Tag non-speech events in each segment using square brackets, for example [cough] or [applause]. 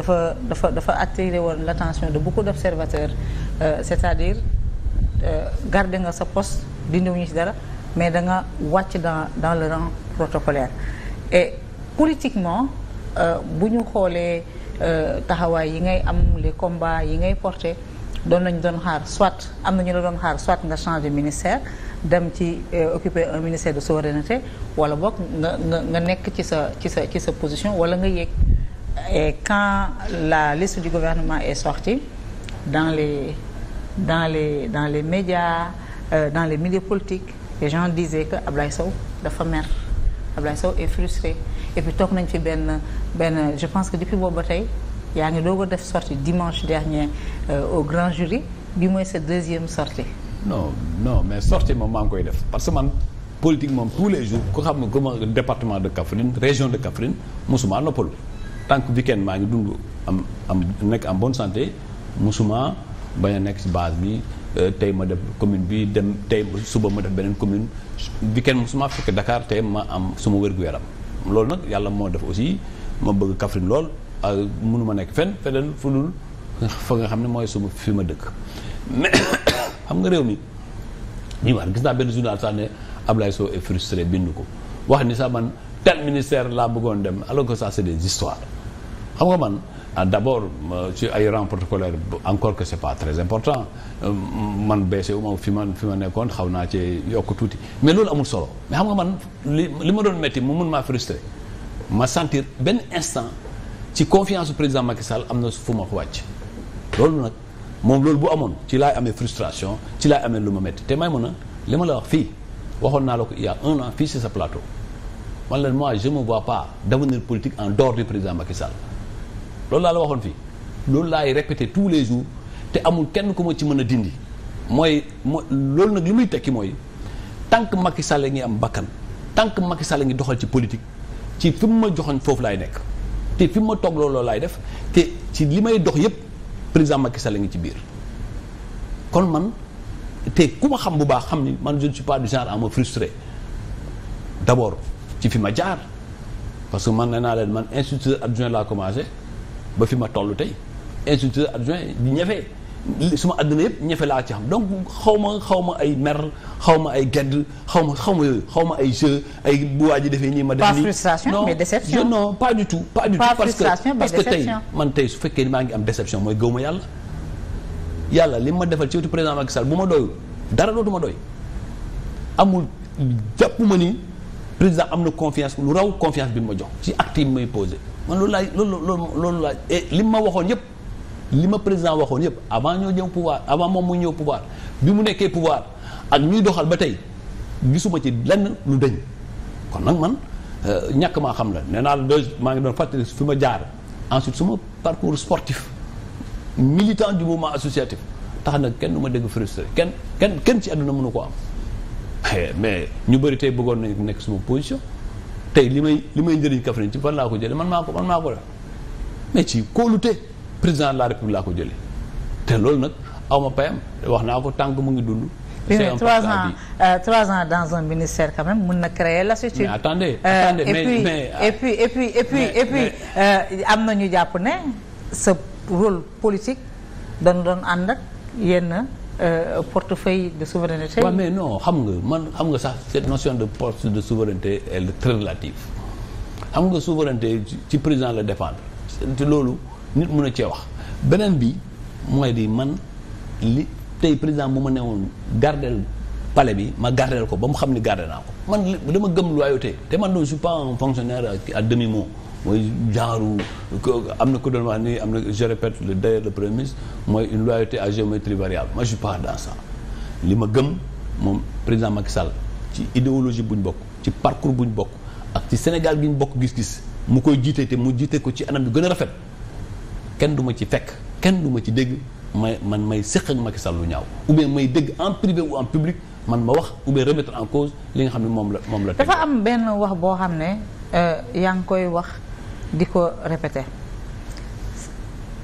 dafa dafa dafa attiré woon l'attention de def d'observateurs euh, c'est-à-dire euh, garder nga sa post poste dindiwuñu ci dara mais da nga wàcc dans dans le rang protocolaire e politiquement euh, bu ñu xoolee taxawaay yi ngay am les combats yi ngay porter doon lañu doon xaar soit am na ñu la doon xaar soit nga changer ministère dem ci occuper un ministère de souveraineté wala boog nga nga nga nekk ci sa ci sa ci sa position wala nga yéeg et quand la liste du gouvernement est sortie dans les dans les dans les médias euh, dans les milieux politiques les gens disaient que Ablaye Sow dafa mer Ablaye Sow est frustré et toog nañ fi benn benn je pense que depuis boobu ba tey yaa ngi doog a def sortie dimanche dernier euh, au grand jury bi mooy sa deuxième sortie non non mais sortie moom maa ngi koy def parce que man politique moom tous les jours ku xam ne comment département de Kaffrine région de Kaffrine mosuma noppalu tant que weekend maa ngi dund am am nekk en bonne santé musuma bañ a nekk ci base bi euh, tey ma def commune bi dem tey suba ma def beneen commune weekend musuma fekk Dakar tey ma am suma wér-gu-yaram loolu nag yàlla moo def aussi ma bëgg Kaffrine lool mënuma nekk fenn feneen fu dul fa nga xam ne mooy suma fi ma dëkk mais [coughs] xam nga réew mi ñuy wax gis naa benn journal sax ne Ablaye Sow est frustré bind ko wax ni sax man tel ministère laa bëggoon dem alors que ça c'est des xam nga man ah, d'abord ci ay rang protocolaire encore que c'est pas très important euh, man baissé wu ma fi ma fi ma nekkoon xaw naa ci yokk tuuti mais loolu amul solo mais xam nga man li ma doon metti mu mun maa frustré ma sentir benn instant ci confiance su président Macky Sall am na fu ma ko wàcc loolu nag moom loolu bu amoon ci laay amee frustration ci laay amee lu ma métti te may mun a li ma la wax fii waxoon naa la ko il y un an fii ci sa plateau man la moi je me vois pas d'avenir politique en dehors du président loolu laa waxoon fii loolu laay répété tous les jours te amul kenn ku ma ci mën a dindi mooy mo loolu nag li muy tekki mooy tant que Macky Sall ngi am bakkan tant que Macky Sall ngi doxal ci politique ci fi mu ma joxoon foofu laay nekk te fi mu ma toog loolu laay def te ci li may dox yépp président Macky Sall ngi ci biir kon man te ku ma xam bu baax xam ni man je ne suis pas du genre à me frustrer d'abord ci fi ma jaar parce que man nee naa leen man instituteur adjoint laa commencé ba fi ma toll tey instituteur adjoint di su ma àdduna yëpp ñafe laa ci xam donc xaw ma xaw ma ay mer xaw ma ay gedd xaw ma xaw ma yooyu xaw ma ay jeu ay bu waa ji defee nii ma def nii pas frustration mais déception parce que tey man su fekkee ni ngi am déception mooy gëw ma yàlla yàlla li ma defal ci wetu président Macky bu ma doyul dara dootuma doy amul jàpp ma ni président am na confiance lu raw confiance bi mu ma jox ci acte yi may posé man loolu laay loolu loolu loolu laay eh, li ma waxoon yëpp li ma président waxoon yëpp avant ñoo ñëw pouvoir avant moom mu ñëw pouvoir bi mu nekkee pouvoir ak ñuy doxal ba tey gisuma ci lenn lu dëñ kon nag man eh, ñàkk maa xam la nee naa la maa ngi doon fàttali fi ma jaar ensuite suma parcours sportif militant du mouvement associatif tax nag kenn du ma dégg frustré kenn kenn kenn ci àdduna mënu ko am eh, mais ñu bëri tey bëggoon nañu nekk suma position tey li may li may njëriñ Kaffrine ci fan laa ko jëlee man maa ko man maa ko def ci kóolute président de la république laa ko jële te loolu nag awma ma payam wax naa ko tànk mu ngi dund. c'est trois ans euh, trois ans dans ministère quand même mën na créer euh, ah, et puis et puis et puis et puis euh, am na ñu jàpp ne sa rôle politique doon doon ànd ak yenn. Euh, portefeuille de souveraineté. waaw ouais, mais non xam nga man xam nga sax cette notion de porte de souveraineté elle relative xam nga souveraineté ci président la dépendre te loolu nit mun a cee wax beneen bi mooy di man li tey président bu ma newoon gardel pale bi ma gardel ko ba mu xam ni garde naa ko man dama gëm loyauté te man doon je suis pas un fonctionnaire à demi mot mooy genre am na ko doon wax ni am na je répète le d'ailleurs le premier ministre mooy une loyauté à géométrie variable moi je suis pas li ma gëm moom président Macky ci idéologie bu ñu bokk ci parcours bu ñu bokk ak ci Sénégal gi ñu bokk gis-gis mu koy jiite te mu jiite ko ci anam yu gën a rafet kenn du ma ci fekk kenn du ma ci dégg may man may séq ak lu ñaaw ou bien may dëgg en privé ou en public man ma wax ou bien remettre en cause li nga xam ne moom la moom la. dafa am benn wax boo xam ne euh, yaa ngi koy wax. di ko répéter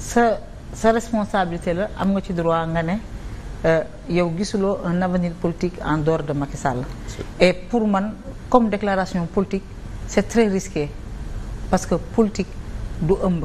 sa sa responsabilité la am nga ci droit nga ne euh, yow gisuloo un avenir politique en dehors de Macky Sall et pour man comme déclaration politique c'est très risqué parce que politique du ëmb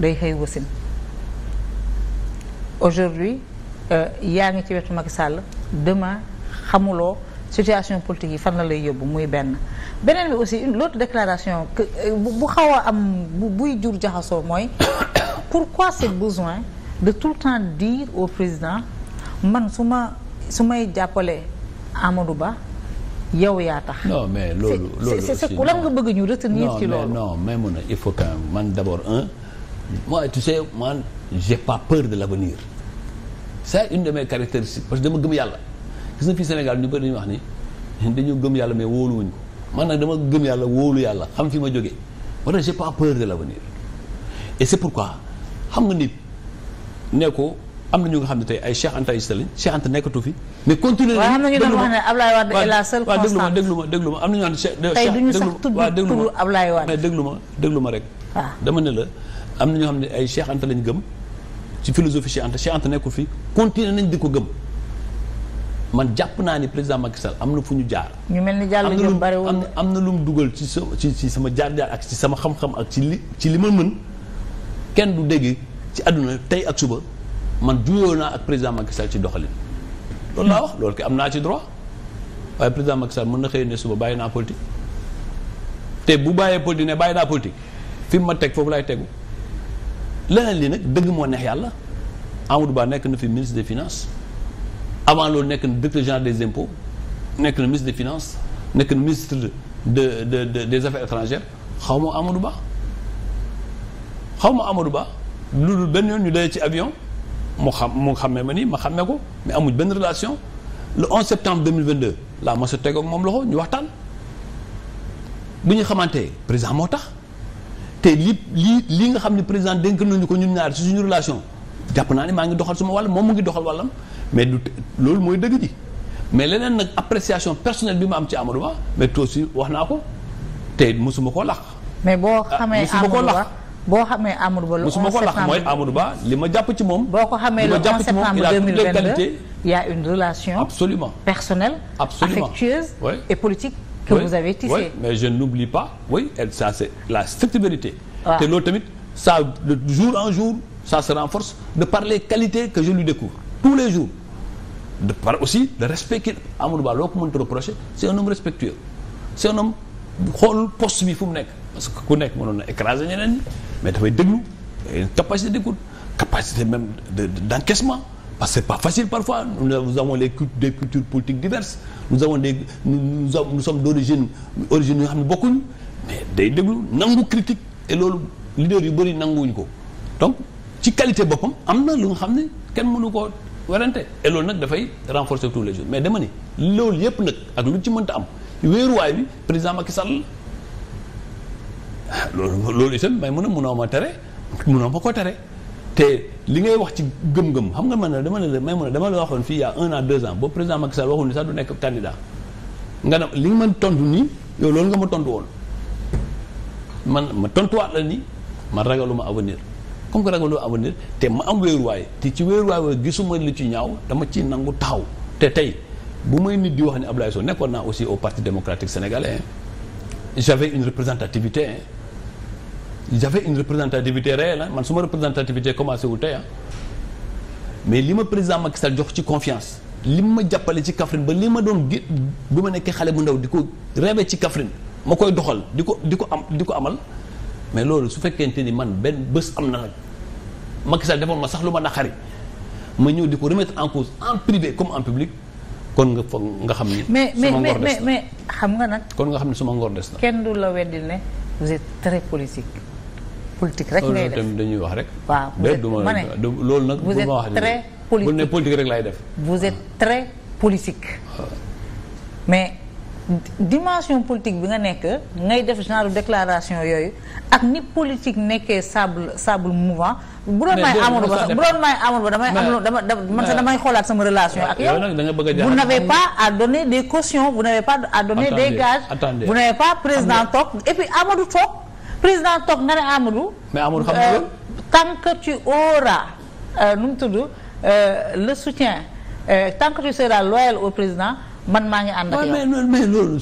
day xëy wasin aujourd'hui euh, yaa ngi ci wetu Macky Sall demain xamuloo situation politique yi fan la lay yóbbu muy benn beneen bi aussi une l'autre déclaration euh, bu xaw a am buy jur jaxasoo mooy [coughs] pourquoi ce besoin de tout le temps dire au président man su ma su may jàppale Amadou Ba yow yaa tax. non mais loolu loolu c'est lan nga bëgg ñu retenir ci loolu non mais non il faut que man d'abord un moi tu sais man j'ai pas peur de l'avenir c'est une de mes caractéristiques parce que dama gëm yàlla. gis nga fii Sénégal ñu bëri dañu wax ni dañu gëm yàlla mais wóoluwuñ ko man nag dama gëm yàlla wóolu yàlla xam fi ma jógee moo tax j'ai pas peur de et c'est pourquoi xam nga nit ne ko na ñu nga xam ne tey ay Cheikh Anta Issa nekkatu fi. mais continuer nañu am na ñu doon wax ne Ablaye Wade est la seule constante déglu ma déglu ma na ñu naan Cheikh tey duñu déglu ma déglu ma rek. Ah. dama ne la am na ñoo xam ne ay Cheikh Anta lañ gëm ci philosophie Cheikh Anta Cheikh fi continuer nañ di ko gëm. man jàpp naa ni président Macky Sall am na fu ñu jaar. ñu mel ni Diallo Diop bariwul am na lu mu dugal ci sa ci sama jaar-jaar ak ci sama xam-xam ak ci li ci li ma mën kenn du dégg ci àdduna tey ak suba man juyoo naa ak président Macky Sall ci doxalin. loolu laa wax loolu kay am naa ci droit waaye président Macky mën na xëy ne suba bàyyi naa politique te bu bàyyee politique ne bàyyi naa politique fi mu ma teg foofu lay tegu leneen li nag dëgg moo neex yàlla Amadou baa nekk na fi ministre des finances. avant loolu nekk na directeur général des impôts nekk na ministre des finances nekk na ministre de de de des affaires étrangères xaw ma Amadou Ba xaw ma Amadou Ba lu dul benn yoon ñu dajee ci avion mu xam mu xammee ma ni ma xammee ko mais amuñ benn relation le 11 septembre 2022 laa ma sa teg ak moom loxo ñu waxtaan bu ñu xamante président moo tax te li lii lii nga xam ne président dénk nañu ko ñun ñaar ci suñu relation jàpp naa ne maa ngi doxal suma wàll moom mu ngi doxal wàllam mais du loolu mooy dëgg ji mais leneen nag appréciation personnelle bi ma am ci Amadou Ba mais toi aussi wax naa ko tey mosuma koo laq. mais ah, boo xamee Amadou Ba boo xamee Amadou Ba. mosuma koo laq mooy Amadou Ba li ma jàpp ci moom. boo ko xamee le 11 septembre 2022 il y a une relation. absolument personnelle. absolument affectueuse. Oui. et politique que oui. vous avez tissée. mais je n'oublie pas oui elle ça c'est la stricte vérité. waaw te loolu tamit sa de jour en jour ça se renforce de par les qualités que je lui découvre tous les jours de par aussi le respect qu'il Amadou Ba loo ko mënta reprocher c'est un homme respectueux c'est un homme xoolul poste bi fu mu nekk parce que ku nekk mënoon na écraser ñeneen ñi mais dafay déglu capacité d'écoute capacité même de d'encaissement parce que c'est pas facile parfois nous avons les des cultures politiques diverses nous avons des nous, nous sommes d'origine origine yoo xam ne bokkuñu mais day déglu nangu critique et loolu leaders yu bëri nanguwuñu ko donc ci qualité boppam am na lu xam ne kenn mënu ko werante et nag dafay renforcer tous les mais dama ni loolu yëpp nag ak lu ci mënta am wéeruwaay bi président Macky Sall ah, loolu loolu itam may mën a mënoo ma tere munoo ma ko tere te li ngay wax ci gëm-gëm xam nga man dama ne la may mën dama la waxoon fii il a un an deux ans boobu président Macky Sall waxul ni sax du nekk candidat nga ne li nga mën tontu nii yow loolu nga ma tontu woon man ma tontuwaat la ni man ragaluma avenir. comme que ragaloo avenir te ma am wéeruwaay te ci wéeruwaay wa gisuma lu ci ñaaw dama ci nangu taxaw te tey bu may nit di wax ne Abdoulaye Sow nekkoon naa aussi au parti démocratique sénégalais j'avais une représentativité j'avais une représentativité réelle man su suma représentativité commencé wu tey mais li ma président Macky Sall jox ci confiance li ma jàppale ci Kaffrine ba li ma doon gé bi ma nekkee xale bu ndaw di ko rêvé ci Kaffrine ma koy doxal di ko di ko am di ko amal mais loolu su fekkente ni man benn bés am na nag Macky Sall defoon ma sax lu ma na naqari ma ñëw di ko remettre en cause en privé comme en public kon nga foog nga xam ni. sama ngor des na mais xam nga nag. kon nga xam ni sama ngor des kenn du la weddi ne vous êtes très politique. politique rek ngay def loolu dañuy wax rek. waaw ma ne loolu nag. bu ma wax nii bu ne politique rek laay def. vous êtes très politique. Ah. mais. dimension politique bi nga nekk ngay def genre déclaration yooyu ak ni politique nekkee sable sable mouvant bu doon may Amadou Ba bu doon may Amadou Ba damay am dama man sax damay xoolaat sama relation ak yow vous n'avez mm. pas à donner des cautions vous n'avez pas à donner des gages vous n'avez pas président toog et puis Amadou président toog nga ne Amadou mais Amadou xam nga euh, tant que tu auras euh, nu mu euh, le soutien tant que tu seras loyal au président man maa ngi ànd ak yow mais mais loolu.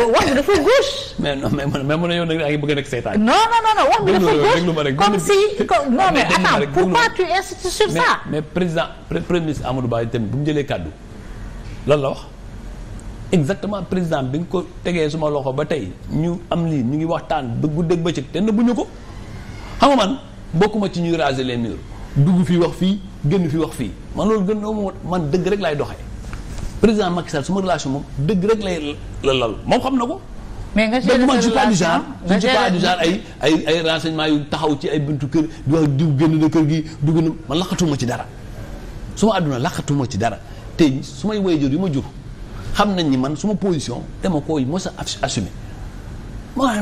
[laughs] [laughs] wax bi dafa gauche. mais non mais man man yow nag yaa ngi bëgg a nekk seytaan. non non non wax bi dafa gauche comme si non mais attends pourquoi tu insistes sur ça. mais président premier ministre Amadou Ba tamit bu mu jëlee kàddu lan la wax exactement président bi nga ko tegee suma loxo ba tey ñu am lii ñu ngi waxtaan ba guddeeg bëccëg te na bu ñu ko xam nga man bokkuma ci ñuy raser les murs dugg fii wax fii génn fii wax fii man loolu gën a man dëgg rek laay doxee. président Macky Sall suma relation moom dëgg rek lay la lal moom xam na ko. mais nga gérer man je suis pas du genre je suis pas du genre ay ay ay renseignements yu taxaw ci ay buntu kër di wax diw génn na kër gi dugg na man laqatuma ci dara suma àdduna laqatuma ci dara tey su may waajur yu ma jur xam nañ ni man suma position dama koy mos a assumé ma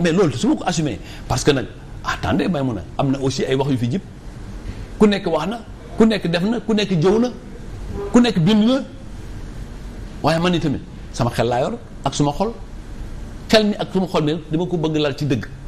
mais loolu su ma ko assumé parce que nag attendez may mun a am na aussi ay wax yu fi jib ku nekk wax na ku nekk def na ku nekk jëw na ku nekk bind na waaye man itamit sama xel laa yor ak suma xol xel mi ak suma xol mi dama ko bëgg lal ci dëgg